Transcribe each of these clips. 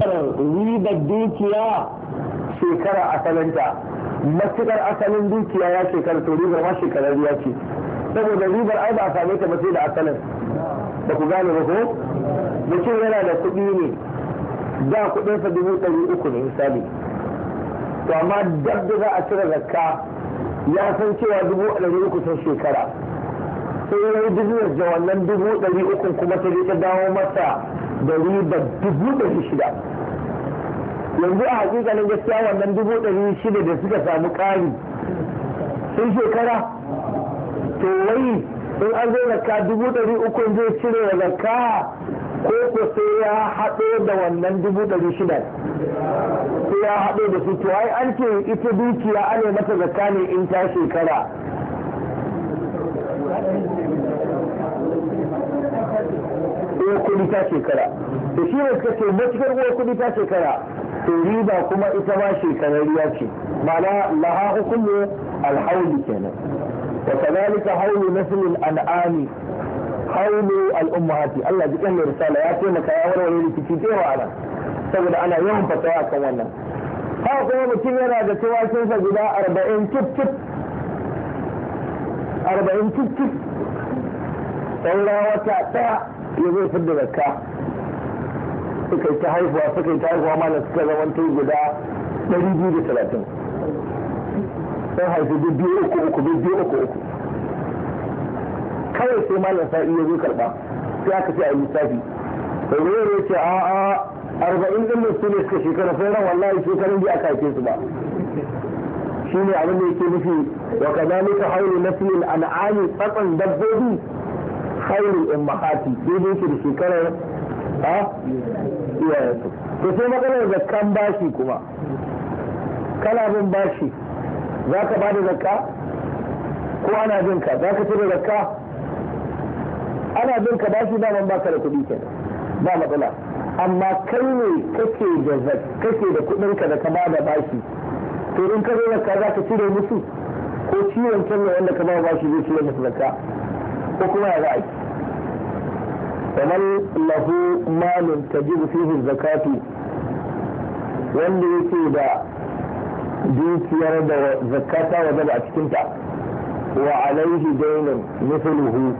ribar dukiya shekara asalinta matukar asalin dukiya ya shekara to ribar ma shekarar ya ce saboda ribar ai ba a same ta ba sai da asalin da ku gane ba ko mutum yana da kuɗi ne da kuɗinsa dubu ɗari uku ne misali to amma dab da za a cire zakka ya san cewa dubu ɗari uku sun shekara sai ya yi duniyar da wannan dubu ɗari ukun kuma ta je ta dawo masa da ribar dubu ɗari shida yanzu a hakikalin gaskiya wannan dubu ɗari shida da suka samu ƙari sun shekara to wai in an zo zakka dubu ɗari ukun zai cire wa zakka ko ko sai ya haɗo da wannan dubu ɗari shida sai ya haɗo da su to ai an ce ita dukiya ana mata zakka ne in ta shekara kuɗi ta shekara to shi ne suka ce matukar uwar kuɗi ta shekara to riba kuma ita ma shekararriya ce ma'ana laha hukumu alhauli kenan wa kadhalika haulu naslil an'ami haulu al'ummahati Allah jikin mai risala ya taimaka ya warware rikici da yawa nan saboda ana yawan fatawa kan wannan haka kuma mutum yana da tuwakinsa guda arba'in arba'in saura wata ɗaya ya zai fi da zakka suka yi ta haifuwa suka yi ta haihuwa malam suka zamanto guda ɗari biyu da Ɗan sun haifi biyu uku uku biyu uku uku kawai sai malam sa'i ya zo karɓa sai aka ce a lissafi sai ya ce a a arba'in ɗin da su ne suka shekara ran wallahi shekarun biya aka haife su ba shi ne abin da yake nufi wa kazalika haulu naslil an'ami tsatsan dabbobi in ummahati daidai ke da shekarar a iyayensu to sai maganar zakkan bashi kuma kana bin bashi za ka bada zakka ko ana bin ka za ka cire zakka ana bin ka bashi daman baka da kuɗi kenan ba matsala amma kai ne kake da kake da kuɗin ka da ka ba da bashi to in ka zo zakka za ka cire musu ko ciwon can wanda ka ba bashi zai cire musu zakka ko kuma ya za a yi kamar له مال تجب فيه الزكاة wanda yake da dukiyar da zakata waje a cikinta wa alaihi dainin misluhu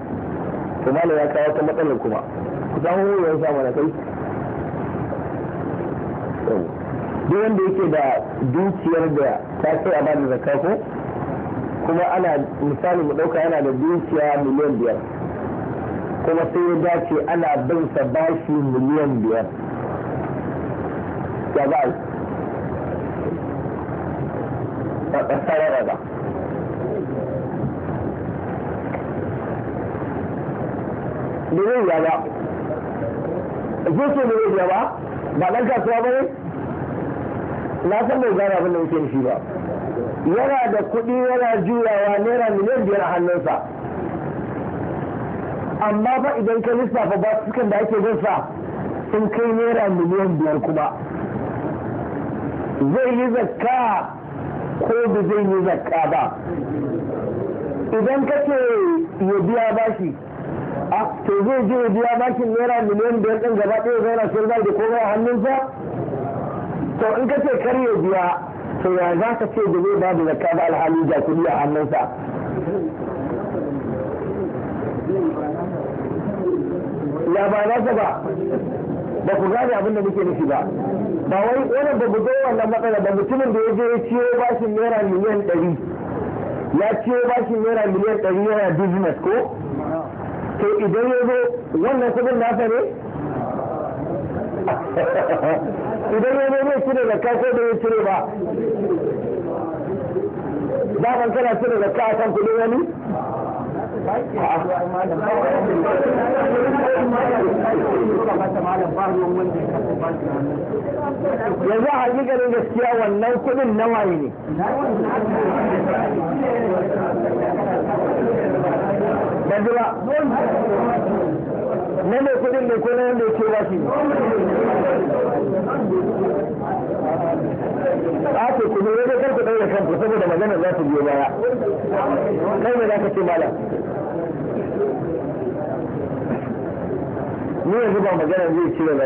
to mala ya kawo ta matsalar kuma duk wanda yake da dukiyar da ta kai a bada zakka ko kuma ana misali mu dauka yana da dukiya miliyan biyar kuma sai ya dace ana bin sa bashi miliyan biyar ya ba a ƙasar raba domin ya ba zuci ne ya ba ba ɗan kasuwa ba ne na san bai gara abin da yake shi ba yana da kuɗi yana juyawa naira miliyan biyar a hannunsa amma ba idan ka lissafa ba sukan da ake ginsa sun kai naira miliyan biyar kuma zai yi zakka ko ba zai yi zakka ba idan ka ce ya biya bashi a to zai je ya biya bashin naira miliyan biyar ɗin gaba ɗaya zai na shirga da komai a hannunsa to in ka ce kar ya biya to ya za ka ce da zai ba da zakka ba alhali ga kuɗi a hannunsa ya ba za ba ba ku gane abin da muke nufi ba ba wai wannan ba ku zo wannan matsala ba mutumin da ya je ya ciyo bashin naira miliyan ɗari ya ciyo bashin naira miliyan ɗari yana business ko to idan ya zo wannan kudin nasa ne idan ya zo zai cire da ko da ya cire ba ban kana cire da a kudin wani yanzu a ganin gaskiya wannan kudin waye ne yanzu ba na mai kudin da ko na ke ba shi ake kuma yadda kar ku ɗaure kanku saboda magana za ta biyo baya kai ne za ka ce malam ne yanzu ba magana zai cire